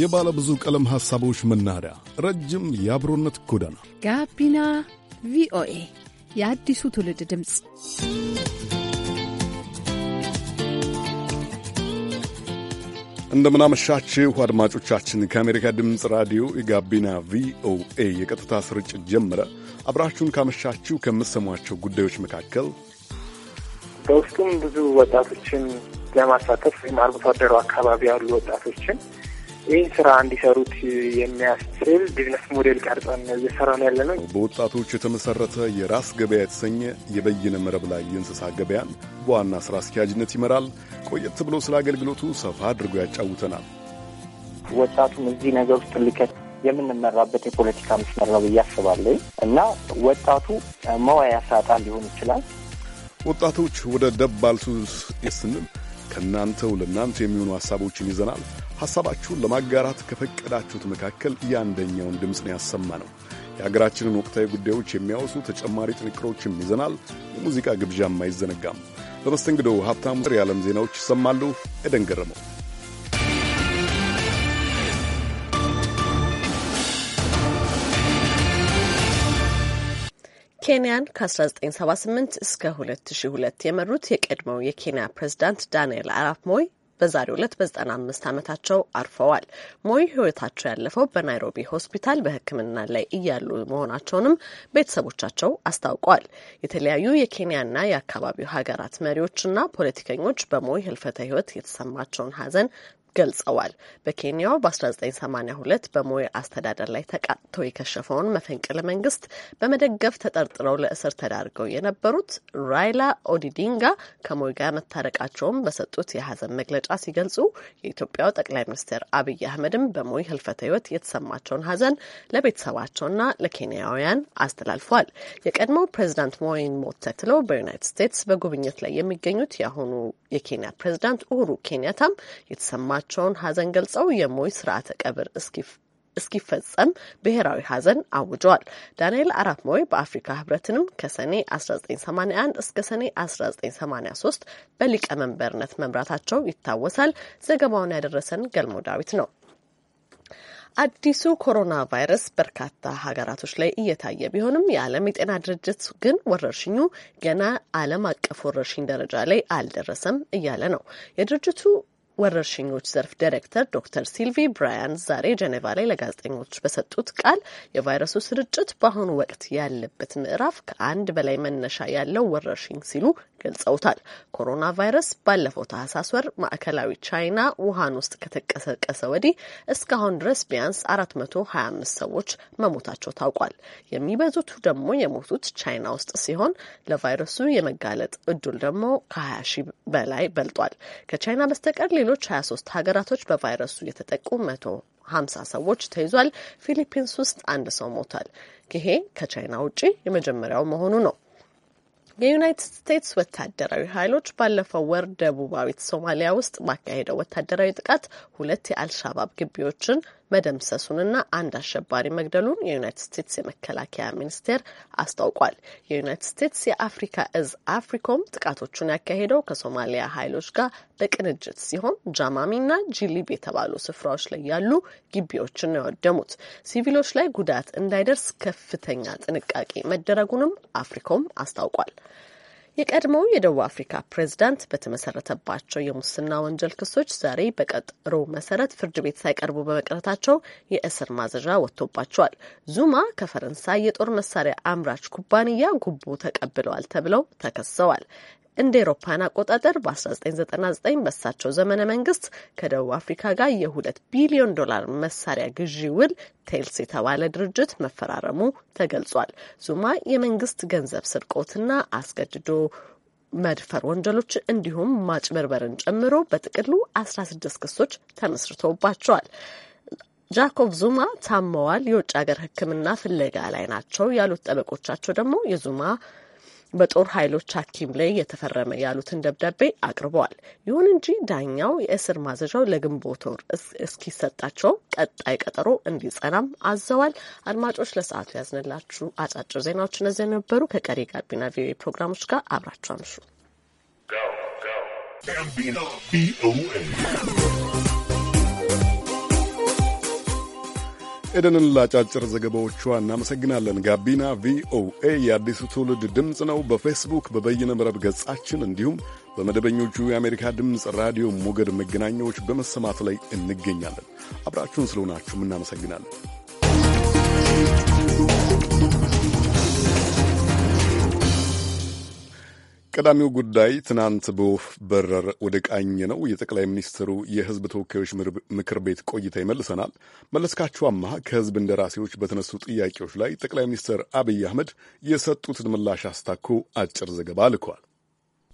የባለ ብዙ ቀለም ሐሳቦች መናኸሪያ፣ ረጅም የአብሮነት ጎዳና ጋቢና ቪኦኤ የአዲሱ ትውልድ ድምፅ። እንደምናመሻችሁ አድማጮቻችን፣ ከአሜሪካ ድምፅ ራዲዮ የጋቢና ቪኦኤ የቀጥታ ስርጭት ጀመረ። አብራችሁን ካመሻችሁ ከምትሰሟቸው ጉዳዮች መካከል በውስጡም ብዙ ወጣቶችን ለማሳተፍ ወይም አርብቶ አደሩ አካባቢ ያሉ ወጣቶችን ይህን ስራ እንዲሰሩት የሚያስችል ቢዝነስ ሞዴል ቀርጸን እየሰራ ነው ያለ ነው። በወጣቶች የተመሰረተ የራስ ገበያ የተሰኘ የበይነ መረብ ላይ የእንስሳ ገበያን በዋና ስራ አስኪያጅነት ይመራል። ቆየት ብሎ ስለ አገልግሎቱ ሰፋ አድርጎ ያጫውተናል። ወጣቱም እዚህ ነገር ውስጥ ልከት የምንመራበት የፖለቲካ መስመር ነው ብዬ አስባለሁ እና ወጣቱ መዋያ ሳጣ ሊሆን ይችላል። ወጣቶች ወደ ደባል ስንል ከእናንተው ለእናንተ የሚሆኑ ሀሳቦችን ይዘናል። ሐሳባችሁን ለማጋራት ከፈቀዳችሁት መካከል የአንደኛውን ነው ያሰማ ነው። የሀገራችንን ወቅታዊ ጉዳዮች የሚያወሱ ተጨማሪ ጥንቅሮችም ይዘናል። የሙዚቃ ግብዣም አይዘነጋም። በመስተንግዶ ሀብታሙ የዓለም ዜናዎች ይሰማሉ። ኤደን ገረመው ኬንያን ከ1978 እስከ 2002 የመሩት የቀድሞው የኬንያ ፕሬዝዳንት ዳንኤል አራፕ ሞይ በዛሬው ዕለት በ95 ዓመታቸው አርፈዋል። ሞይ ህይወታቸው ያለፈው በናይሮቢ ሆስፒታል በሕክምና ላይ እያሉ መሆናቸውንም ቤተሰቦቻቸው አስታውቀዋል። የተለያዩ የኬንያና የአካባቢው ሀገራት መሪዎችና ፖለቲከኞች በሞይ ህልፈተ ህይወት የተሰማቸውን ሀዘን ገልጸዋል። በኬንያው በ1982 በሞይ አስተዳደር ላይ ተቃጥቶ የከሸፈውን መፈንቅለ መንግስት በመደገፍ ተጠርጥረው ለእስር ተዳርገው የነበሩት ራይላ ኦዲዲንጋ ከሞይ ጋር መታረቃቸውን በሰጡት የሀዘን መግለጫ ሲገልጹ የኢትዮጵያው ጠቅላይ ሚኒስትር አብይ አህመድም በሞይ ህልፈተ ህይወት የተሰማቸውን ሀዘን ለቤተሰባቸውና ለኬንያውያን አስተላልፏል። የቀድሞው ፕሬዚዳንት ሞይን ሞት ተከትለው በዩናይትድ ስቴትስ በጉብኝት ላይ የሚገኙት የአሁኑ የኬንያ ፕሬዝዳንት ኡሁሩ ኬንያታም የተሰማቸውን ሀዘን ገልጸው የሞይ ስርዓተ ቀብር እስኪፈጸም ብሔራዊ ሀዘን አውጀዋል። ዳንኤል አራፕ ሞይ በአፍሪካ ህብረትንም ከሰኔ 1981 እስከ ሰኔ 1983 በሊቀመንበርነት መምራታቸው ይታወሳል። ዘገባውን ያደረሰን ገልሞ ዳዊት ነው። አዲሱ ኮሮና ቫይረስ በርካታ ሀገራቶች ላይ እየታየ ቢሆንም የዓለም የጤና ድርጅት ግን ወረርሽኙ ገና ዓለም አቀፍ ወረርሽኝ ደረጃ ላይ አልደረሰም እያለ ነው። የድርጅቱ ወረርሽኞች ዘርፍ ዳይሬክተር ዶክተር ሲልቪ ብራያን ዛሬ ጀኔቫ ላይ ለጋዜጠኞች በሰጡት ቃል የቫይረሱ ስርጭት በአሁኑ ወቅት ያለበት ምዕራፍ ከአንድ በላይ መነሻ ያለው ወረርሽኝ ሲሉ ገልጸውታል። ኮሮና ቫይረስ ባለፈው ታህሳስ ወር ማዕከላዊ ቻይና ውሃን ውስጥ ከተቀሰቀሰ ወዲህ እስካሁን ድረስ ቢያንስ 425 ሰዎች መሞታቸው ታውቋል። የሚበዙቱ ደግሞ የሞቱት ቻይና ውስጥ ሲሆን ለቫይረሱ የመጋለጥ እድል ደግሞ ከ20 ሺህ በላይ በልጧል። ከቻይና በስተቀር ሌሎች 23 ሀገራቶች በቫይረሱ የተጠቁ መቶ ሀምሳ ሰዎች ተይዟል። ፊሊፒንስ ውስጥ አንድ ሰው ሞቷል። ይሄ ከቻይና ውጪ የመጀመሪያው መሆኑ ነው። የዩናይትድ ስቴትስ ወታደራዊ ኃይሎች ባለፈው ወር ደቡባዊት ሶማሊያ ውስጥ ባካሄደው ወታደራዊ ጥቃት ሁለት የአልሻባብ ግቢዎችን መደምሰሱንና አንድ አሸባሪ መግደሉን የዩናይትድ ስቴትስ የመከላከያ ሚኒስቴር አስታውቋል። የዩናይትድ ስቴትስ የአፍሪካ እዝ አፍሪኮም ጥቃቶቹን ያካሄደው ከሶማሊያ ኃይሎች ጋር በቅንጅት ሲሆን ጃማሚና ጂሊብ የተባሉ ስፍራዎች ላይ ያሉ ግቢዎችን ነው ያወደሙት። ሲቪሎች ላይ ጉዳት እንዳይደርስ ከፍተኛ ጥንቃቄ መደረጉንም አፍሪኮም አስታውቋል። የቀድሞው የደቡብ አፍሪካ ፕሬዝዳንት በተመሰረተባቸው የሙስና ወንጀል ክሶች ዛሬ በቀጠሮ መሰረት ፍርድ ቤት ሳይቀርቡ በመቅረታቸው የእስር ማዘዣ ወጥቶባቸዋል። ዙማ ከፈረንሳይ የጦር መሳሪያ አምራች ኩባንያ ጉቦ ተቀብለዋል ተብለው ተከሰዋል። እንደ ኤሮፓን አቆጣጠር በ1999 በሳቸው ዘመነ መንግስት ከደቡብ አፍሪካ ጋር የሁለት ቢሊዮን ዶላር መሳሪያ ግዢ ውል ቴልስ የተባለ ድርጅት መፈራረሙ ተገልጿል። ዙማ የመንግስት ገንዘብ ስርቆትና አስገድዶ መድፈር ወንጀሎች እንዲሁም ማጭበርበርን ጨምሮ በጥቅሉ 16 ክሶች ተመስርቶባቸዋል። ጃኮብ ዙማ ታመዋል፣ የውጭ ሀገር ሕክምና ፍለጋ ላይ ናቸው ያሉት ጠበቆቻቸው ደግሞ የዙማ በጦር ኃይሎች ሐኪም ላይ የተፈረመ ያሉትን ደብዳቤ አቅርበዋል። ይሁን እንጂ ዳኛው የእስር ማዘዣው ለግንቦት ወር እስኪሰጣቸው ቀጣይ ቀጠሮ እንዲጸናም አዘዋል። አድማጮች ለሰዓቱ ያዝንላችሁ አጫጭር ዜናዎች እነዚህ ነበሩ። ከቀሪ ጋቢና ቪኦኤ ፕሮግራሞች ጋር አብራችሁ አምሹ። ኤደንን ላጫጭር ዘገባዎቿ እናመሰግናለን። ጋቢና ቪኦኤ የአዲሱ ትውልድ ድምፅ ነው። በፌስቡክ በበይነ መረብ ገጻችን እንዲሁም በመደበኞቹ የአሜሪካ ድምፅ ራዲዮ ሞገድ መገናኛዎች በመሰማት ላይ እንገኛለን። አብራችሁን ስለሆናችሁም እናመሰግናለን። ቀዳሚው ጉዳይ ትናንት በወፍ በረር ወደ ቃኝ ነው የጠቅላይ ሚኒስትሩ የህዝብ ተወካዮች ምክር ቤት ቆይታ ይመልሰናል። መለስካቸው አማሃ ከሕዝብ እንደራሴዎች በተነሱ ጥያቄዎች ላይ ጠቅላይ ሚኒስትር አብይ አህመድ የሰጡትን ምላሽ አስታኮ አጭር ዘገባ ልከዋል።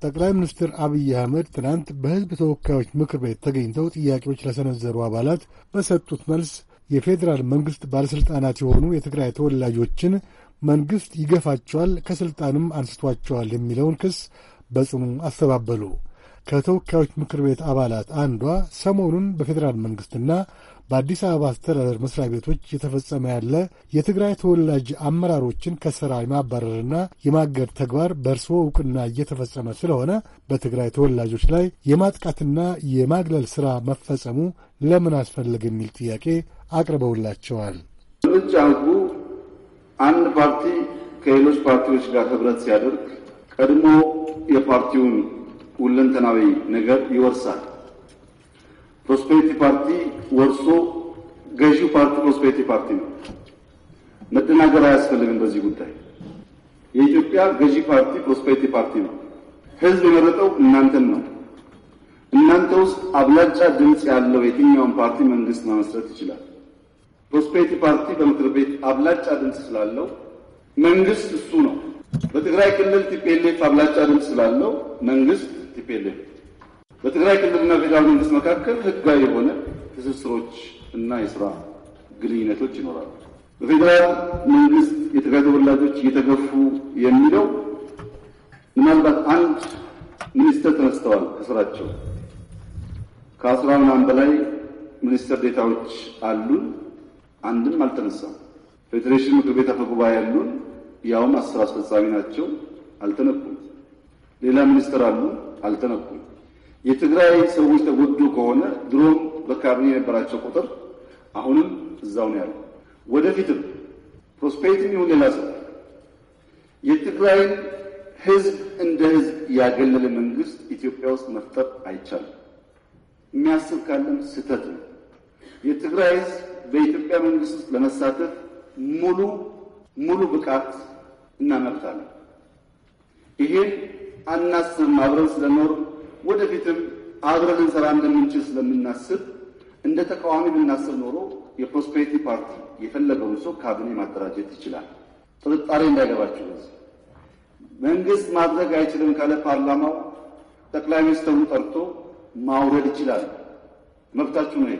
ጠቅላይ ሚኒስትር አብይ አህመድ ትናንት በህዝብ ተወካዮች ምክር ቤት ተገኝተው ጥያቄዎች ለሰነዘሩ አባላት በሰጡት መልስ የፌዴራል መንግስት ባለሥልጣናት የሆኑ የትግራይ ተወላጆችን መንግሥት ይገፋቸዋል፣ ከሥልጣንም አንስቷቸዋል የሚለውን ክስ በጽኑ አስተባበሉ። ከተወካዮች ምክር ቤት አባላት አንዷ ሰሞኑን በፌዴራል መንግሥትና በአዲስ አበባ አስተዳደር መስሪያ ቤቶች እየተፈጸመ ያለ የትግራይ ተወላጅ አመራሮችን ከሥራ የማባረርና የማገድ ተግባር በእርስዎ ዕውቅና እየተፈጸመ ስለሆነ በትግራይ ተወላጆች ላይ የማጥቃትና የማግለል ሥራ መፈጸሙ ለምን አስፈለገ የሚል ጥያቄ አቅርበውላቸዋል። ምርጫ ሕጉ አንድ ፓርቲ ከሌሎች ፓርቲዎች ጋር ህብረት ሲያደርግ ቀድሞ የፓርቲውን ሁለንተናዊ ነገር ይወርሳል። ፕሮስፔሪቲ ፓርቲ ወርሶ ገዢው ፓርቲ ፕሮስፔሪቲ ፓርቲ ነው። መደናገር አያስፈልግም። በዚህ ጉዳይ የኢትዮጵያ ገዢ ፓርቲ ፕሮስፔሪቲ ፓርቲ ነው። ህዝብ የመረጠው እናንተን ነው። እናንተ ውስጥ አብላጫ ድምፅ ያለው የትኛውን ፓርቲ መንግስት መመስረት ይችላል። ፕሮስፔሪቲ ፓርቲ በምክር ቤት አብላጫ ድምፅ ስላለው መንግስት እሱ ነው። በትግራይ ክልል ቲፒኤልኤፍ አብላጫ ድምፅ ስላለው መንግስት ቲፒኤልኤፍ። በትግራይ ክልልና ፌዴራል መንግስት መካከል ህጋዊ የሆነ ትስስሮች እና የስራ ግንኙነቶች ይኖራሉ። በፌዴራል መንግስት የትግራይ ተወላጆች እየተገፉ የሚለው ምናልባት አንድ ሚኒስተር ተነስተዋል ከስራቸው ከአስራ ምናምን በላይ ሚኒስተር ዴታዎች አሉን። አንድም አልተነሳም። ፌዴሬሽን ምክር ቤት አፈ ጉባኤ ያሉን ያውም አስር አስፈጻሚ ናቸው፣ አልተነኩም። ሌላ ሚኒስትር አሉ፣ አልተነኩም። የትግራይ ሰዎች ተጎዱ ከሆነ ድሮም በካቢኔ የነበራቸው ቁጥር አሁንም እዛው ነው ወደፊትም ፕሮስፔሪቲም ይሁን ሌላ ሰው የትግራይን ህዝብ እንደ ህዝብ ያገለለ መንግስት ኢትዮጵያ ውስጥ መፍጠር አይቻልም። የሚያስብ ካለም ስህተት ነው። የትግራይ ህዝብ በኢትዮጵያ መንግስት ውስጥ ለመሳተፍ ሙሉ ሙሉ ብቃት እና መብት አናስብ ይሄን አናስብም። አብረን ስለኖር ወደፊትም አብረን ልንሰራ እንደምንችል ስለምናስብ እንደ ተቃዋሚ ብናስብ ኖሮ የፕሮስፔሪቲ ፓርቲ የፈለገውን ሰው ካቢኔ ማደራጀት ይችላል። ጥርጣሬ እንዳይገባቸው መንግስት ማድረግ አይችልም ካለ ፓርላማው ጠቅላይ ሚኒስትሩ ጠርቶ ማውረድ ይችላል። መብታችሁ ነው።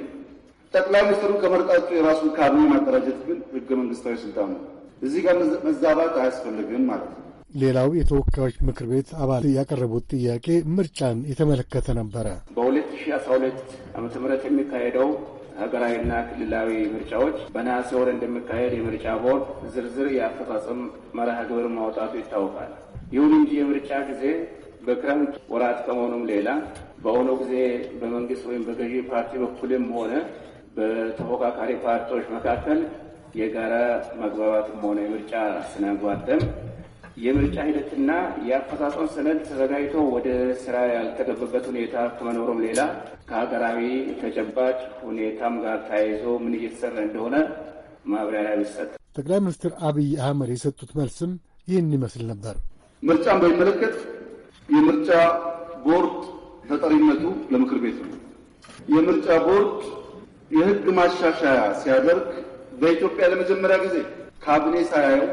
ጠቅላይ ሚኒስትሩ ከመርጣቱ የራሱን ካቢኔ ማደራጀት ግን ህገ መንግስታዊ ስልጣን ነው። እዚህ ጋር መዛባት አያስፈልግም ማለት ነው። ሌላው የተወካዮች ምክር ቤት አባል ያቀረቡት ጥያቄ ምርጫን የተመለከተ ነበረ። በ2012 ም የሚካሄደው ሀገራዊና ክልላዊ ምርጫዎች በነሐሴ ወር እንደሚካሄድ የምርጫ ቦርድ ዝርዝር የአፈጻጸም መርሃ ግብር ማውጣቱ ይታወቃል። ይሁን እንጂ የምርጫ ጊዜ በክረምት ወራት ከመሆኑም ሌላ በአሁኑ ጊዜ በመንግስት ወይም በገዢ ፓርቲ በኩልም ሆነ በተፎካካሪ ፓርቲዎች መካከል የጋራ መግባባትም ሆነ የምርጫ ስነጓደም የምርጫ ሂደትና የአፈጻጸም ሰነድ ተዘጋጅቶ ወደ ስራ ያልተገባበት ሁኔታ ከመኖሩም ሌላ ከሀገራዊ ተጨባጭ ሁኔታም ጋር ተያይዞ ምን እየተሰራ እንደሆነ ማብራሪያ ቢሰጥ። ጠቅላይ ሚኒስትር አብይ አህመድ የሰጡት መልስም ይህን ይመስል ነበር። ምርጫን በሚመለከት የምርጫ ቦርድ ተጠሪነቱ ለምክር ቤት ነው። የምርጫ ቦርድ የህግ ማሻሻያ ሲያደርግ በኢትዮጵያ ለመጀመሪያ ጊዜ ካቢኔ ሳያየው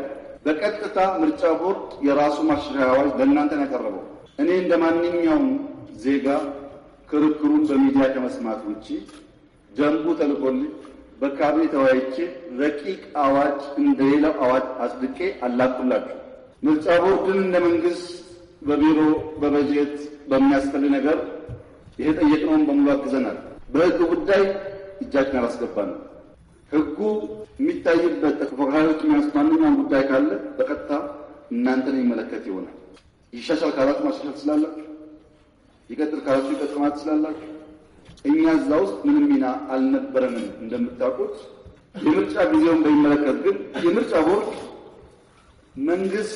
በቀጥታ ምርጫ ቦርድ የራሱ ማሻሻያ አዋጅ ለእናንተ ነው ያቀረበው። እኔ እንደ ማንኛውም ዜጋ ክርክሩን በሚዲያ ከመስማት ውጭ ደንቡ ተልቆልኝ በካቢኔ ተወያይቼ ረቂቅ አዋጅ እንደሌላው አዋጅ አጽድቄ አላኩላችሁ። ምርጫ ቦርድን እንደ መንግስት በቢሮ በበጀት በሚያስፈልግ ነገር ይሄ ጠየቅነውን በሙሉ አግዘናል። በህግ ጉዳይ እጃችን አላስገባንም። ህጉ የሚታይበት ተፎካካሪዎች የሚያነሱት ማንኛውም ጉዳይ ካለ በቀጥታ እናንተን የሚመለከት ይሆናል። ይሻሻል ካላችሁ ማሻሻል ትችላላችሁ። ይቀጥል ካላችሁ ይቀጥል ማለት ትችላላችሁ። እኛ እዛ ውስጥ ምንም ሚና አልነበረንም እንደምታውቁት። የምርጫ ጊዜውን በሚመለከት ግን የምርጫ ቦርድ መንግስት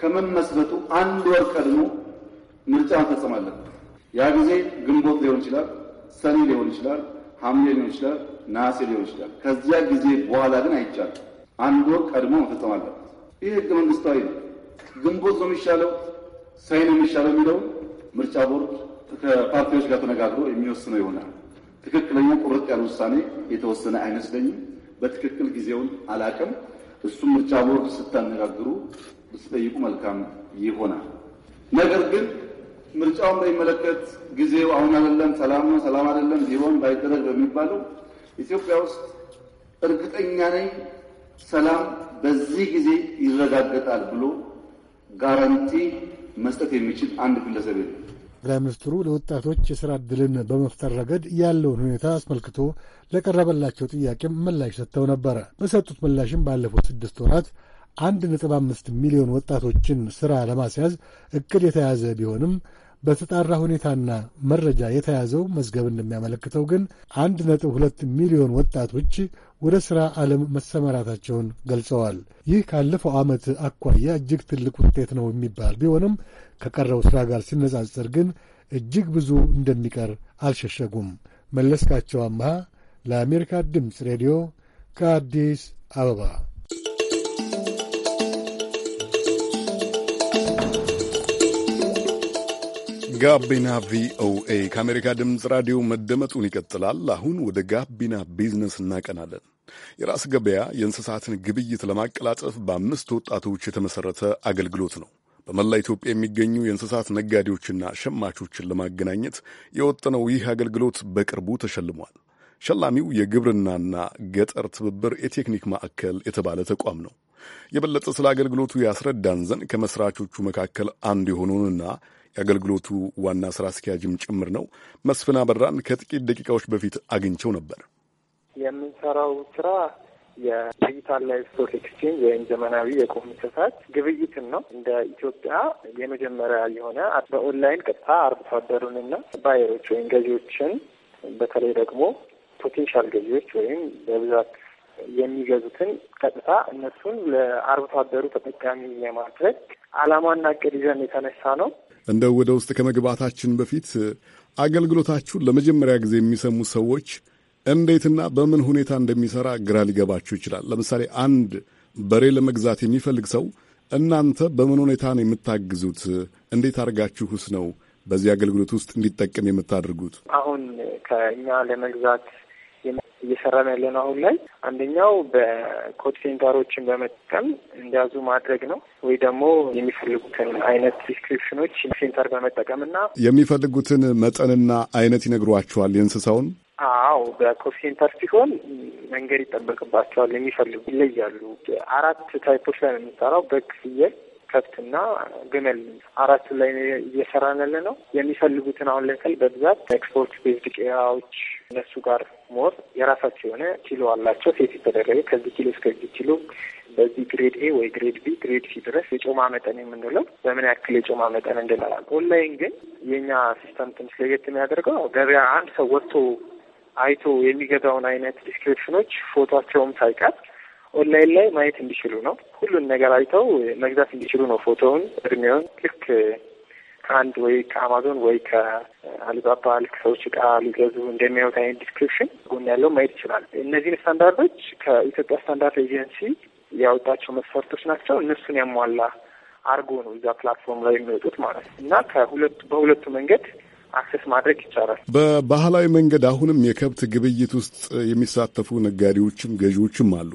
ከመመስረቱ አንድ ወር ቀድሞ ምርጫ መፈጸም አለበት። ያ ጊዜ ግንቦት ሊሆን ይችላል፣ ሰኔ ሊሆን ይችላል ሐምሌ ሊሆን ይችላል፣ ነሐሴ ሊሆን ይችላል። ከዚያ ጊዜ በኋላ ግን አይቻልም። አንድ ወር ቀድሞ መፈጸም አለበት። ይህ ህገ መንግስታዊ ነው። ግንቦት ነው የሚሻለው፣ ሳይ ነው የሚሻለው የሚለው ምርጫ ቦርድ ከፓርቲዎች ጋር ተነጋግሮ የሚወስነው ይሆናል። ትክክለኛ ቁርጥ ያለ ውሳኔ የተወሰነ አይመስለኝም። በትክክል ጊዜውን አላቅም። እሱም ምርጫ ቦርድ ስታነጋግሩ ብትጠይቁ መልካም ይሆናል። ነገር ግን ምርጫውን በሚመለከት ጊዜው አሁን አይደለም፣ ሰላም ነው፣ ሰላም አይደለም፣ ቢሆን ባይደረግ በሚባለው ኢትዮጵያ ውስጥ እርግጠኛ ነኝ ሰላም በዚህ ጊዜ ይረጋገጣል ብሎ ጋራንቲ መስጠት የሚችል አንድ ግለሰብ የለም። ጠቅላይ ሚኒስትሩ ለወጣቶች የስራ እድልን በመፍጠር ረገድ ያለውን ሁኔታ አስመልክቶ ለቀረበላቸው ጥያቄም ምላሽ ሰጥተው ነበረ። በሰጡት ምላሽም ባለፉት ስድስት ወራት አንድ ነጥብ አምስት ሚሊዮን ወጣቶችን ስራ ለማስያዝ እቅድ የተያዘ ቢሆንም በተጣራ ሁኔታና መረጃ የተያዘው መዝገብ እንደሚያመለክተው ግን አንድ ነጥብ ሁለት ሚሊዮን ወጣቶች ወደ ሥራ ዓለም መሰማራታቸውን ገልጸዋል። ይህ ካለፈው ዓመት አኳያ እጅግ ትልቅ ውጤት ነው የሚባል ቢሆንም ከቀረው ሥራ ጋር ሲነጻጸር ግን እጅግ ብዙ እንደሚቀር አልሸሸጉም። መለስካቸው አምሃ ለአሜሪካ ድምፅ ሬዲዮ ከአዲስ አበባ ጋቢና ቪኦኤ ከአሜሪካ ድምፅ ራዲዮ መደመጡን ይቀጥላል። አሁን ወደ ጋቢና ቢዝነስ እናቀናለን። የራስ ገበያ የእንስሳትን ግብይት ለማቀላጠፍ በአምስት ወጣቶች የተመሠረተ አገልግሎት ነው። በመላ ኢትዮጵያ የሚገኙ የእንስሳት ነጋዴዎችና ሸማቾችን ለማገናኘት የወጠነው ይህ አገልግሎት በቅርቡ ተሸልሟል። ሸላሚው የግብርናና ገጠር ትብብር የቴክኒክ ማዕከል የተባለ ተቋም ነው። የበለጠ ስለ አገልግሎቱ ያስረዳን ዘንድ ከመስራቾቹ መካከል አንዱ የሆነውንና የአገልግሎቱ ዋና ስራ አስኪያጅም ጭምር ነው። መስፍን አበራን ከጥቂት ደቂቃዎች በፊት አግኝቸው ነበር። የምንሰራው ስራ የዲጂታል ላይቭ ስቶክ ኤክስቼንጅ ወይም ዘመናዊ የቁም ስሳት ግብይትን ነው። እንደ ኢትዮጵያ የመጀመሪያ የሆነ በኦንላይን ቀጥታ አርብቶ አደሩንና ባየሮች ወይም ገዢዎችን በተለይ ደግሞ ፖቴንሻል ገዢዎች ወይም በብዛት የሚገዙትን ቀጥታ እነሱን ለአርብቶ አደሩ ተጠቃሚ የማድረግ ዓላማና ዕቅድ ይዘን የተነሳ ነው። እንደ ወደ ውስጥ ከመግባታችን በፊት አገልግሎታችሁን ለመጀመሪያ ጊዜ የሚሰሙ ሰዎች እንዴትና በምን ሁኔታ እንደሚሰራ ግራ ሊገባችሁ ይችላል። ለምሳሌ አንድ በሬ ለመግዛት የሚፈልግ ሰው እናንተ በምን ሁኔታ ነው የምታግዙት? እንዴት አድርጋችሁስ ነው በዚህ አገልግሎት ውስጥ እንዲጠቀም የምታደርጉት? አሁን ከእኛ ለመግዛት እየሰራን ያለ ነው። አሁን ላይ አንደኛው በኮድ ሴንተሮችን በመጠቀም እንዲያዙ ማድረግ ነው ወይ ደግሞ የሚፈልጉትን አይነት ዲስክሪፕሽኖች ሴንተር በመጠቀም እና የሚፈልጉትን መጠንና አይነት ይነግሯቸዋል የእንስሳውን አዎ በኮድ ሴንተር ሲሆን መንገድ ይጠበቅባቸዋል። የሚፈልጉ ይለያሉ። አራት ታይፖች ላይ ነው የምንሰራው በግ፣ ፍየል ከብትና ግመል አራት ላይ እየሰራን ነው። የሚፈልጉትን አሁን ለምሳሌ በብዛት ኤክስፖርት ቤዝድ ቄራዎች እነሱ ጋር ሞር የራሳቸው የሆነ ኪሎ አላቸው ሴት የተደረገ ከዚህ ኪሎ እስከዚህ ኪሎ በዚህ ግሬድ ኤ ወይ ግሬድ ቢ ግሬድ ሲ ድረስ የጮማ መጠን የምንለው በምን ያክል የጮማ መጠን እንድላላል። ኦንላይን ግን የእኛ ሲስተም ትንሽ ለየት የሚያደርገው ገበያ አንድ ሰው ወጥቶ አይቶ የሚገዛውን አይነት ዲስክሪፕሽኖች ፎቶቸውም ሳይቀር ኦንላይን ላይ ማየት እንዲችሉ ነው። ሁሉን ነገር አይተው መግዛት እንዲችሉ ነው። ፎቶውን፣ እድሜውን ልክ ከአንድ ወይ ከአማዞን ወይ ከአሊባባ ልክ ሰዎች እቃ ሊገዙ እንደሚያዩት አይነት ዲስክሪፕሽን ጎን ያለው ማየት ይችላል። እነዚህን ስታንዳርዶች ከኢትዮጵያ ስታንዳርድ ኤጀንሲ ያወጣቸው መስፈርቶች ናቸው። እነሱን ያሟላ አርጎ ነው እዛ ፕላትፎርም ላይ የሚወጡት ማለት ነው እና ከሁለቱ በሁለቱ መንገድ አክሰስ ማድረግ ይቻላል። በባህላዊ መንገድ አሁንም የከብት ግብይት ውስጥ የሚሳተፉ ነጋዴዎችም ገዢዎችም አሉ።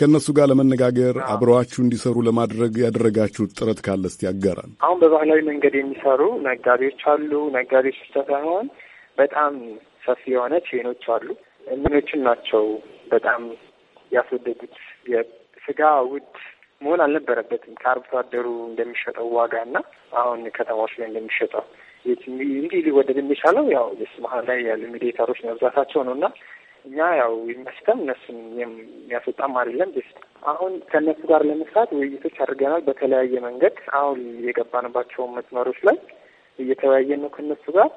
ከእነሱ ጋር ለመነጋገር አብረዋችሁ እንዲሰሩ ለማድረግ ያደረጋችሁት ጥረት ካለ እስቲ ያጋራል። አሁን በባህላዊ መንገድ የሚሰሩ ነጋዴዎች አሉ። ነጋዴዎች ብቻ ሳይሆን በጣም ሰፊ የሆነ ቼኖች አሉ። እምኖችን ናቸው በጣም ያስወደዱት። የስጋ ውድ መሆን አልነበረበትም ከአርብቶ አደሩ እንደሚሸጠው ዋጋ እና አሁን ከተማዎች ላይ እንደሚሸጠው እንዲህ ሊወደድ የሚቻለው ያው ስ መሀል ላይ ያሉ ሚዲዬተሮች መብዛታቸው ነው እና እኛ ያው የሚያስተም እነሱን የሚያስወጣም አይደለም። ስ አሁን ከእነሱ ጋር ለመስራት ውይይቶች አድርገናል በተለያየ መንገድ። አሁን የገባንባቸውን መስመሮች ላይ እየተወያየን ነው ከእነሱ ጋር።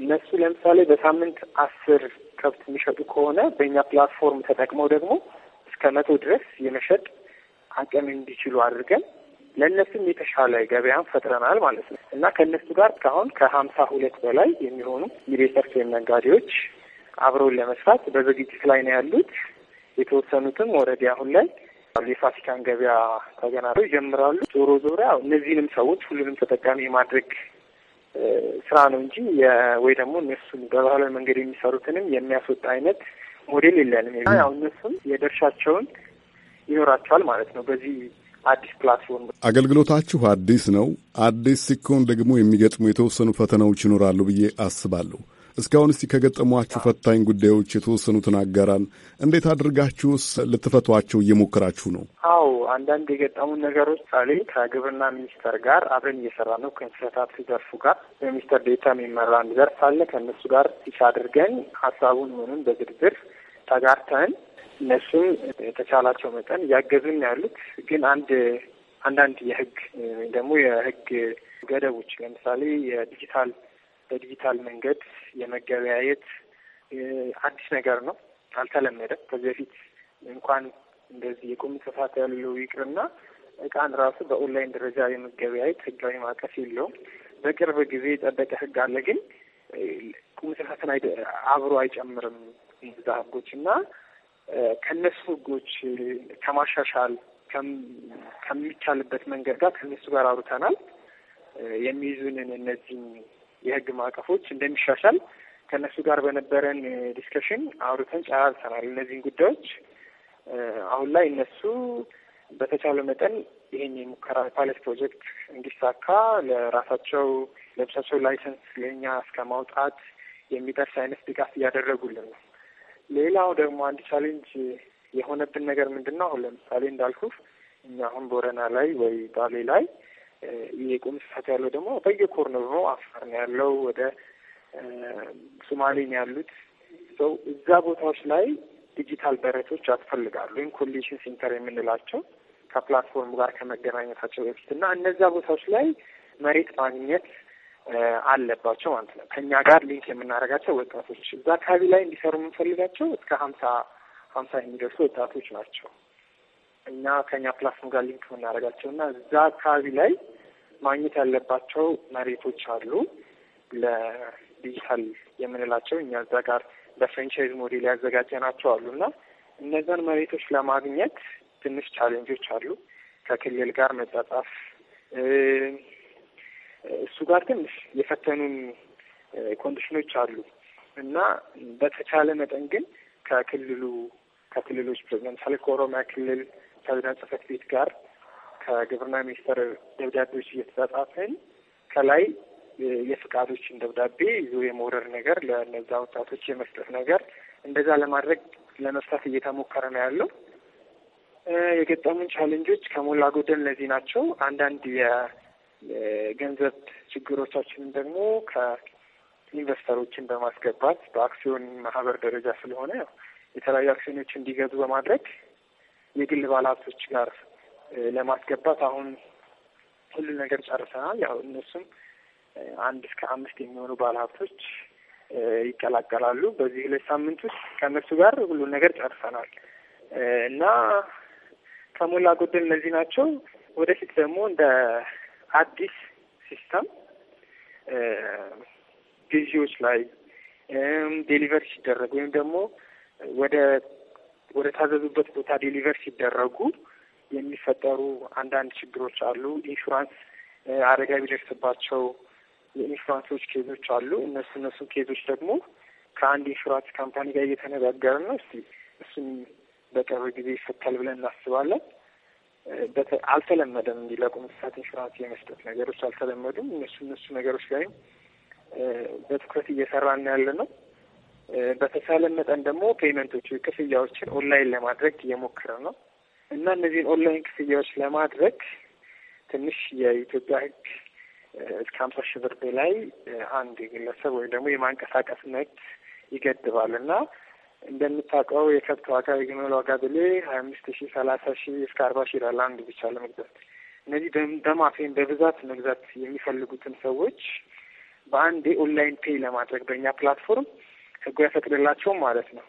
እነሱ ለምሳሌ በሳምንት አስር ከብት የሚሸጡ ከሆነ በእኛ ፕላትፎርም ተጠቅመው ደግሞ እስከ መቶ ድረስ የመሸጥ አቅም እንዲችሉ አድርገን ለእነሱም የተሻለ ገበያን ፈጥረናል ማለት ነው እና ከእነሱ ጋር እስካሁን ከሀምሳ ሁለት በላይ የሚሆኑ ኢንቨስተርስ ወይም ነጋዴዎች አብረውን ለመስራት በዝግጅት ላይ ነው ያሉት። የተወሰኑትም ወረዲ አሁን ላይ የፋሲካን ገበያ ተገናኝተው ይጀምራሉ። ዞሮ ዞሪያ እነዚህንም ሰዎች ሁሉንም ተጠቃሚ የማድረግ ስራ ነው እንጂ ወይ ደግሞ እነሱም በባህላዊ መንገድ የሚሰሩትንም የሚያስወጣ አይነት ሞዴል የለንም። ያው እነሱም የድርሻቸውን ይኖራቸዋል ማለት ነው በዚህ አዲስ ፕላትፎርም። አገልግሎታችሁ አዲስ ነው። አዲስ ሲኮን ደግሞ የሚገጥሙ የተወሰኑ ፈተናዎች ይኖራሉ ብዬ አስባለሁ። እስካሁን እስቲ ከገጠሟችሁ ፈታኝ ጉዳዮች የተወሰኑትን አጋራን። እንዴት አድርጋችሁስ ልትፈቷቸው እየሞከራችሁ ነው? አዎ አንዳንድ የገጠሙን ነገሮች ሳሌ ከግብርና ሚኒስቴር ጋር አብረን እየሰራ ነው። ከእንስሳት ዘርፉ ጋር በሚኒስትር ዴታ የሚመራ አንድ ዘርፍ አለ። ከእነሱ ጋር ፊሽ አድርገን ሀሳቡን ሆኑን በዝርዝር ተጋርተን እነሱም የተቻላቸው መጠን እያገዙን ያሉት ግን አንድ አንዳንድ የህግ ወይም ደግሞ የህግ ገደቦች ለምሳሌ የዲጂታል በዲጂታል መንገድ የመገበያየት አዲስ ነገር ነው፣ አልተለመደም። ከዚህ በፊት እንኳን እንደዚህ የቁም ስፋት ያለው ይቅርና እቃን ራሱ በኦንላይን ደረጃ የመገበያየት ህጋዊ ማዕቀፍ የለውም። በቅርብ ጊዜ የጠበቀ ህግ አለ፣ ግን ቁም ስፋትን አብሮ አይጨምርም እዛ ህጎች እና ከእነሱ ህጎች ከማሻሻል ከሚቻልበት መንገድ ጋር ከእነሱ ጋር አውርተናል። የሚይዙንን እነዚህ የህግ ማዕቀፎች እንደሚሻሻል ከእነሱ ጋር በነበረን ዲስከሽን አውርተን ጨራርሰናል። እነዚህን ጉዳዮች አሁን ላይ እነሱ በተቻለ መጠን ይህን የሙከራ ፓይለት ፕሮጀክት እንዲሳካ ለራሳቸው ለብሳቸው ላይሰንስ ለእኛ እስከ ማውጣት የሚደርስ አይነት ድጋፍ እያደረጉልን ነው። ሌላው ደግሞ አንድ ቻሌንጅ የሆነብን ነገር ምንድን ነው? አሁን ለምሳሌ እንዳልኩ እኛ አሁን ቦረና ላይ ወይ ባሌ ላይ የቁም እንስሳት ያለው ደግሞ በየኮርነሩ አፋር ነው ያለው፣ ወደ ሶማሌ ነው ያሉት ሰው እዛ ቦታዎች ላይ ዲጂታል በረቶች ያስፈልጋሉ። ወይም ኮሊሽን ሴንተር የምንላቸው ከፕላትፎርም ጋር ከመገናኘታቸው በፊት እና እነዛ ቦታዎች ላይ መሬት ማግኘት አለባቸው ማለት ነው። ከእኛ ጋር ሊንክ የምናደርጋቸው ወጣቶች እዛ አካባቢ ላይ እንዲሰሩ የምንፈልጋቸው እስከ ሀምሳ ሀምሳ የሚደርሱ ወጣቶች ናቸው። እኛ ከእኛ ፕላትፎርም ጋር ሊንክ የምናደርጋቸው እና እዛ አካባቢ ላይ ማግኘት ያለባቸው መሬቶች አሉ። ለዲጂታል የምንላቸው እኛ እዛ ጋር በፍሬንቻይዝ ሞዴል ያዘጋጀናቸው አሉ እና እነዛን መሬቶች ለማግኘት ትንሽ ቻሌንጆች አሉ። ከክልል ጋር መጻጻፍ እሱ ጋር ትንሽ የፈተኑን ኮንዲሽኖች አሉ እና በተቻለ መጠን ግን ከክልሉ ከክልሎች ለምሳሌ ከኦሮሚያ ክልል ከዝና ጽህፈት ቤት ጋር ከግብርና ሚኒስቴር ደብዳቤዎች እየተጻጻፍን ከላይ የፍቃዶችን ደብዳቤ ይዞ የመውረር ነገር ለነዛ ወጣቶች የመስጠት ነገር እንደዛ ለማድረግ ለመፍታት እየተሞከረ ነው ያለው። የገጠሙን ቻለንጆች ከሞላ ጎደል እነዚህ ናቸው። አንዳንድ የገንዘብ ችግሮቻችንን ደግሞ ከኢንቨስተሮችን በማስገባት በአክሲዮን ማህበር ደረጃ ስለሆነ የተለያዩ አክሲዮኖች እንዲገዙ በማድረግ የግል ባለሀብቶች ጋር ለማስገባት አሁን ሁሉ ነገር ጨርሰናል። ያው እነሱም አንድ እስከ አምስት የሚሆኑ ባለሀብቶች ይቀላቀላሉ። በዚህ ሁለት ሳምንት ውስጥ ከእነሱ ጋር ሁሉን ነገር ጨርሰናል እና ከሞላ ጎደል እነዚህ ናቸው። ወደፊት ደግሞ እንደ አዲስ ሲስተም ግዢዎች ላይ ዴሊቨር ሲደረጉ ወይም ደግሞ ወደ ወደ ታዘዙበት ቦታ ዴሊቨር ሲደረጉ የሚፈጠሩ አንዳንድ ችግሮች አሉ። ኢንሹራንስ አደጋ ቢደርስባቸው የኢንሹራንሶች ኬዞች አሉ። እነሱ እነሱ ኬዞች ደግሞ ከአንድ ኢንሹራንስ ካምፓኒ ጋር እየተነጋገረ ነው። እስቲ እሱም በቅርብ ጊዜ ይፈታል ብለን እናስባለን። አልተለመደም እንዲህ ለቁም እንስሳት ኢንሹራንስ የመስጠት ነገሮች አልተለመዱም። እነሱ እነሱ ነገሮች ላይም በትኩረት እየሰራን ያለ ነው። በተቻለ መጠን ደግሞ ፔመንቶች ክፍያዎችን ኦንላይን ለማድረግ እየሞከረ ነው። እና እነዚህን ኦንላይን ክፍያዎች ለማድረግ ትንሽ የኢትዮጵያ ህግ እስከ ሀምሳ ሺህ ብር በላይ አንድ የግለሰብ ወይም ደግሞ የማንቀሳቀስ መብት ይገድባል እና እንደምታውቀው የከብት ዋጋ፣ የግመል ዋጋ ብሌ ሀያ አምስት ሺህ ሰላሳ ሺህ እስከ አርባ ሺህ ይላል አንድ ብቻ ለመግዛት። እነዚህ በማፌን በብዛት መግዛት የሚፈልጉትን ሰዎች በአንዴ ኦንላይን ፔይ ለማድረግ በእኛ ፕላትፎርም ህጉ ያፈቅድላቸውም ማለት ነው።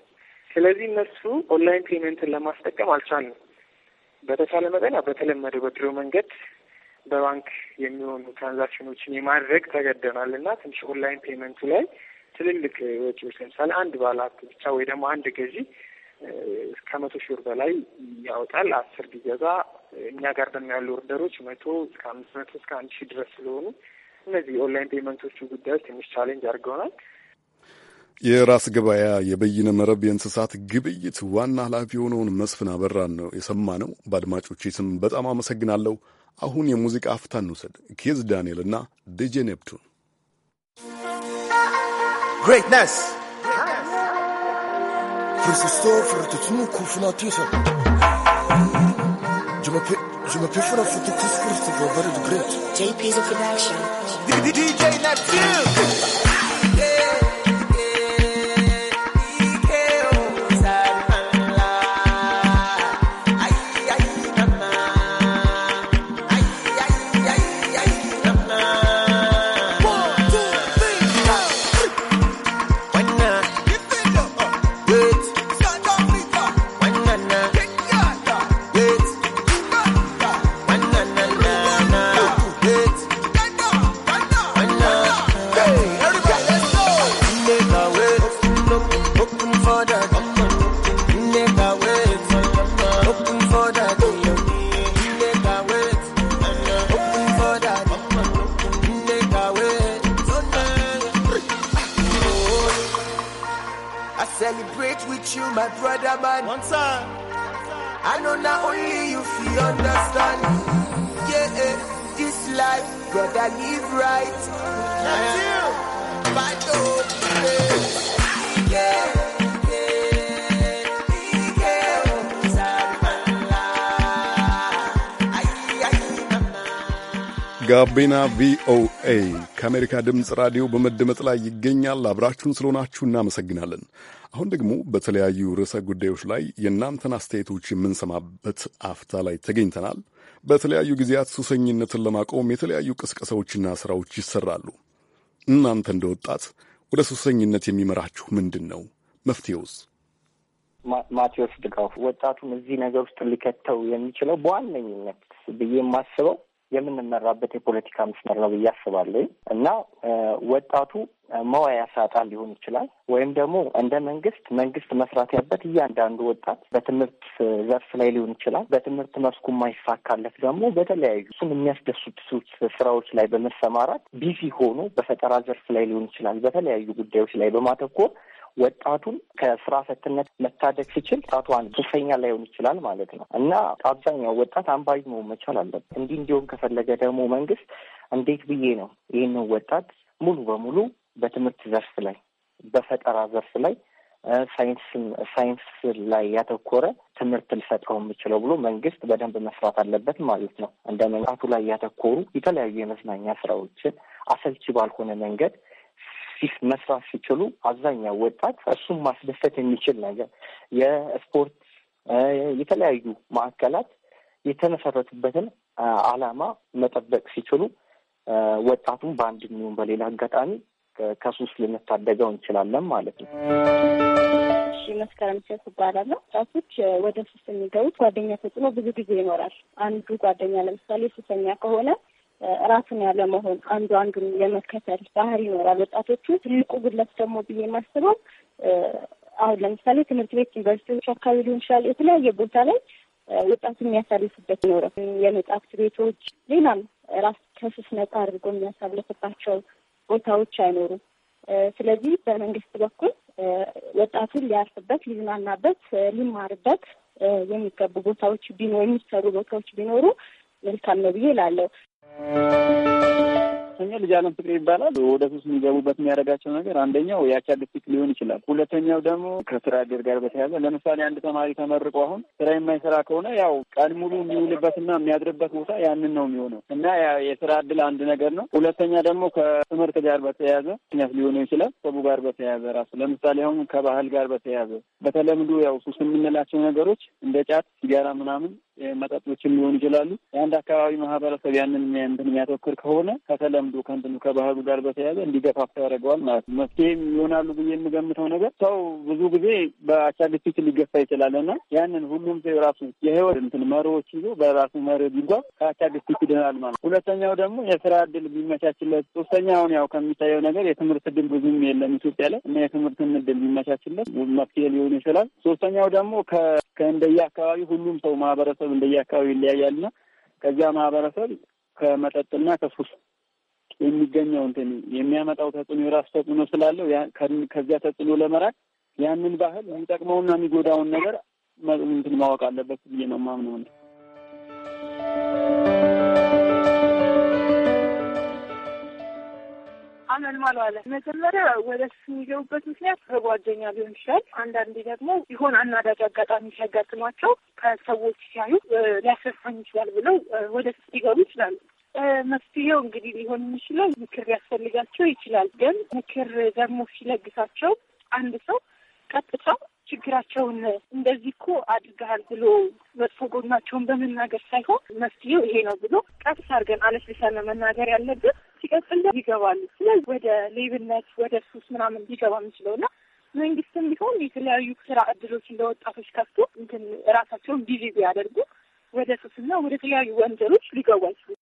ስለዚህ እነሱ ኦንላይን ፔመንትን ለማስጠቀም አልቻልንም። በተቻለ መጠን በተለመደው በድሮ መንገድ በባንክ የሚሆኑ ትራንዛክሽኖችን የማድረግ ተገደናል እና ትንሽ ኦንላይን ፔመንቱ ላይ ትልልቅ ወጪዎች ለምሳሌ አንድ ባላት ብቻ ወይ ደግሞ አንድ ገዢ እስከ መቶ ሺህ ብር በላይ ያወጣል። አስር ቢገዛ እኛ ጋር በሚያሉ ኦርደሮች መቶ እስከ አምስት መቶ እስከ አንድ ሺህ ድረስ ስለሆኑ እነዚህ ኦንላይን ፔመንቶቹ ጉዳዮች ትንሽ ቻሌንጅ አድርገውናል። የራስ ገበያ የበይነ መረብ የእንስሳት ግብይት ዋና ኃላፊ የሆነውን መስፍን አበራን ነው ነው። በአድማጮች ስም በጣም አመሰግናለሁ። አሁን የሙዚቃ አፍታ እንውሰድ። ኬዝ ዳንኤል እና ዲጄ ኔፕቱን Greatness ጋቢና ቪኦኤ ከአሜሪካ ድምፅ ራዲዮ በመደመጥ ላይ ይገኛል። አብራችሁን ስለሆናችሁ እናመሰግናለን። አሁን ደግሞ በተለያዩ ርዕሰ ጉዳዮች ላይ የእናንተን አስተያየቶች የምንሰማበት አፍታ ላይ ተገኝተናል። በተለያዩ ጊዜያት ሱሰኝነትን ለማቆም የተለያዩ ቅስቀሳዎችና ስራዎች ይሰራሉ። እናንተ እንደ ወጣት ወደ ሱሰኝነት የሚመራችሁ ምንድን ነው? መፍትሄውስ? ማቴዎስ ድጋፉ ወጣቱን እዚህ ነገር ውስጥ ሊከተው የሚችለው በዋነኝነት ብዬ የማስበው የምንመራበት የፖለቲካ መስመር ነው ብዬ አስባለሁ እና ወጣቱ መዋያ ሳጣ ሊሆን ይችላል ወይም ደግሞ እንደ መንግስት መንግስት መስራት ያለበት እያንዳንዱ ወጣት በትምህርት ዘርፍ ላይ ሊሆን ይችላል። በትምህርት መስኩ የማይሳካለት ደግሞ በተለያዩ እሱን የሚያስደሱት ስራዎች ላይ በመሰማራት ቢዚ ሆኖ በፈጠራ ዘርፍ ላይ ሊሆን ይችላል። በተለያዩ ጉዳዮች ላይ በማተኮር ወጣቱን ከስራ ፈትነት መታደግ ሲችል ጣቷን ሱሰኛ ላይሆን ይችላል ማለት ነው እና አብዛኛው ወጣት አንባቢ መሆን መቻል አለበት። እንዲህ እንዲሆን ከፈለገ ደግሞ መንግስት እንዴት ብዬ ነው ይህንን ወጣት ሙሉ በሙሉ በትምህርት ዘርፍ ላይ በፈጠራ ዘርፍ ላይ ሳይንስ ላይ ያተኮረ ትምህርት ልሰጠው የምችለው ብሎ መንግስት በደንብ መስራት አለበት ማለት ነው። እንደ መንጣቱ ላይ ያተኮሩ የተለያዩ የመዝናኛ ስራዎችን አሰልቺ ባልሆነ መንገድ መስራት ሲችሉ አብዛኛው ወጣት እሱም ማስደሰት የሚችል ነገር የስፖርት የተለያዩ ማዕከላት የተመሰረቱበትን ዓላማ መጠበቅ ሲችሉ ወጣቱም በአንድ የሚሆን በሌላ አጋጣሚ ከሱስ ልንታደገው እንችላለን ማለት ነው። መስከረም ሴት እባላለሁ። ወጣቶች ወደ ሱስ የሚገቡት ጓደኛ ተጽዕኖ ብዙ ጊዜ ይኖራል። አንዱ ጓደኛ ለምሳሌ ሱሰኛ ከሆነ ራሱን ያለመሆን፣ አንዱ አንዱን የመከተል ባህሪ ይኖራል። ወጣቶቹ ትልቁ ጉድለት ደግሞ ብዬ የማስበው አሁን ለምሳሌ ትምህርት ቤት፣ ዩኒቨርሲቲዎች አካባቢ ሊሆን ይችላል የተለያየ ቦታ ላይ ወጣቱ የሚያሳልፍበት ኖረ የመጽሐፍት ቤቶች፣ ሌላም ራስ ከሱስ ነጻ አድርጎ የሚያሳልፍባቸው ቦታዎች አይኖሩም። ስለዚህ በመንግስት በኩል ወጣቱን ሊያርፍበት፣ ሊዝናናበት፣ ሊማርበት የሚገቡ ቦታዎች ቢኖ የሚሰሩ ቦታዎች ቢኖሩ መልካም ነው ብዬ እላለሁ። ሁለተኛ ልጅ አለም ፍቅር ይባላል። ወደ ሱስ የሚገቡበት የሚያደርጋቸው ነገር አንደኛው የአቻ ግፊት ሊሆን ይችላል። ሁለተኛው ደግሞ ከስራ እድል ጋር በተያያዘ ለምሳሌ አንድ ተማሪ ተመርቆ አሁን ስራ የማይሰራ ከሆነ ያው ቀን ሙሉ የሚውልበትና የሚያድርበት ቦታ ያንን ነው የሚሆነው እና የስራ እድል አንድ ነገር ነው። ሁለተኛ ደግሞ ከትምህርት ጋር በተያያዘ ምክንያት ሊሆን ይችላል። ሰቡ ጋር በተያያዘ ራሱ ለምሳሌ አሁን ከባህል ጋር በተያያዘ በተለምዶ ያው ሱስ የምንላቸው ነገሮች እንደ ጫት፣ ሲጋራ ምናምን መጠጦችም ሊሆኑ ይችላሉ። የአንድ አካባቢ ማህበረሰብ ያንን እንትን የሚያተኩር ከሆነ ከተለምዶ ከንትኑ ከባህሉ ጋር በተያያዘ እንዲገፋፍ ያደርገዋል ማለት ነው። መፍትሄም ይሆናሉ ብዬ የምገምተው ነገር ሰው ብዙ ጊዜ በአቻ ግፊት ሊገፋ ይችላል እና ያንን ሁሉም ሰው የራሱ የህይወት እንትን መሪዎች ይዞ በራሱ መሪ ቢጓዝ ከአቻ ግፊት ይድናል ማለት ነው። ሁለተኛው ደግሞ የስራ እድል ቢመቻችለት፣ አሁን ያው ከሚታየው ነገር የትምህርት እድል ብዙም የለም ኢትዮጵያ ላይ እና የትምህርትን እድል ቢመቻችለት መፍትሄ ሊሆን ይችላል። ሶስተኛው ደግሞ ከእንደየ አካባቢ ሁሉም ሰው ማህበረሰብ ማህበረሰብ እንደየ አካባቢ ይለያያል እና ከዚያ ማህበረሰብ ከመጠጥና ከሱስ የሚገኘው እንትን የሚያመጣው ተጽዕኖ የራሱ ተጽዕኖ ስላለው ከዚያ ተጽዕኖ ለመራቅ ያንን ባህል የሚጠቅመውና የሚጎዳውን ነገር እንትን ማወቅ አለበት ብዬ ነው የማምነው። አመን አለ። መጀመሪያ ወደ ሱ የሚገቡበት ምክንያት በጓደኛ ሊሆን ይችላል። አንዳንዴ ደግሞ ይሆን አናዳጅ አጋጣሚ ሲያጋጥሟቸው ከሰዎች ሲያዩ ሊያስረሳኝ ይችላል ብለው ወደ ሱ ሊገቡ ይችላሉ። መፍትሄው እንግዲህ ሊሆን የሚችለው ምክር ሊያስፈልጋቸው ይችላል። ግን ምክር ደግሞ ሲለግሳቸው አንድ ሰው ቀጥታ ችግራቸውን እንደዚህ እኮ አድርገሃል ብሎ መጥፎ ጎናቸውን በመናገር ሳይሆን መፍትሄው ይሄ ነው ብሎ ቀስ አድርገን አለስልሳን መናገር ያለብን። ሲቀጥል ይገባሉ። ስለዚህ ወደ ሌብነት ወደ ሱስ ምናምን ሊገባ የሚችለው እና መንግስትም ቢሆን የተለያዩ ስራ እድሎችን ለወጣቶች ከፍቶ እንትን ራሳቸውን ቢዚ ቢያደርጉ ወደ ሱስና ወደ ተለያዩ ወንጀሎች ሊገቡ አይችሉም።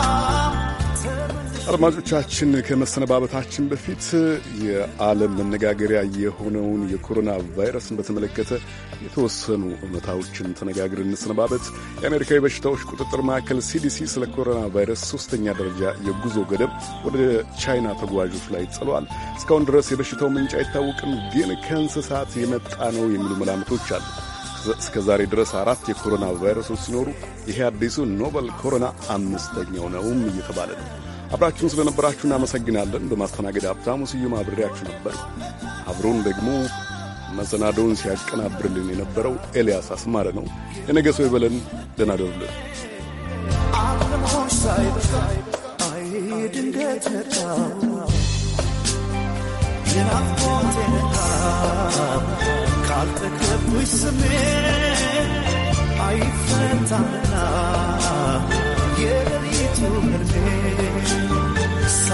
አድማጮቻችን ከመሰነባበታችን በፊት የዓለም መነጋገሪያ የሆነውን የኮሮና ቫይረስን በተመለከተ የተወሰኑ እውነታዎችን ተነጋግር እንሰነባበት። የአሜሪካዊ በሽታዎች ቁጥጥር ማዕከል ሲዲሲ ስለ ኮሮና ቫይረስ ሶስተኛ ደረጃ የጉዞ ገደብ ወደ ቻይና ተጓዦች ላይ ጥሏል። እስካሁን ድረስ የበሽታው ምንጭ አይታወቅም፣ ግን ከእንስሳት የመጣ ነው የሚሉ መላምቶች አሉ። እስከ ዛሬ ድረስ አራት የኮሮና ቫይረሶች ሲኖሩ ይሄ አዲሱ ኖበል ኮሮና አምስተኛው ነውም እየተባለ ነው። አብራችሁን ስለነበራችሁ እናመሰግናለን። በማስተናገድ ሀብታሙ ስዩም አብሬያችሁ ነበር። አብሮን ደግሞ መሰናዶውን ሲያቀናብርልን የነበረው ኤልያስ አስማረ ነው። የነገ ሰው ይበለን። ደህና ደሩልን። I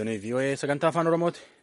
Tole, Vii'oo'ee eh, sagantaa afaan Oromooti.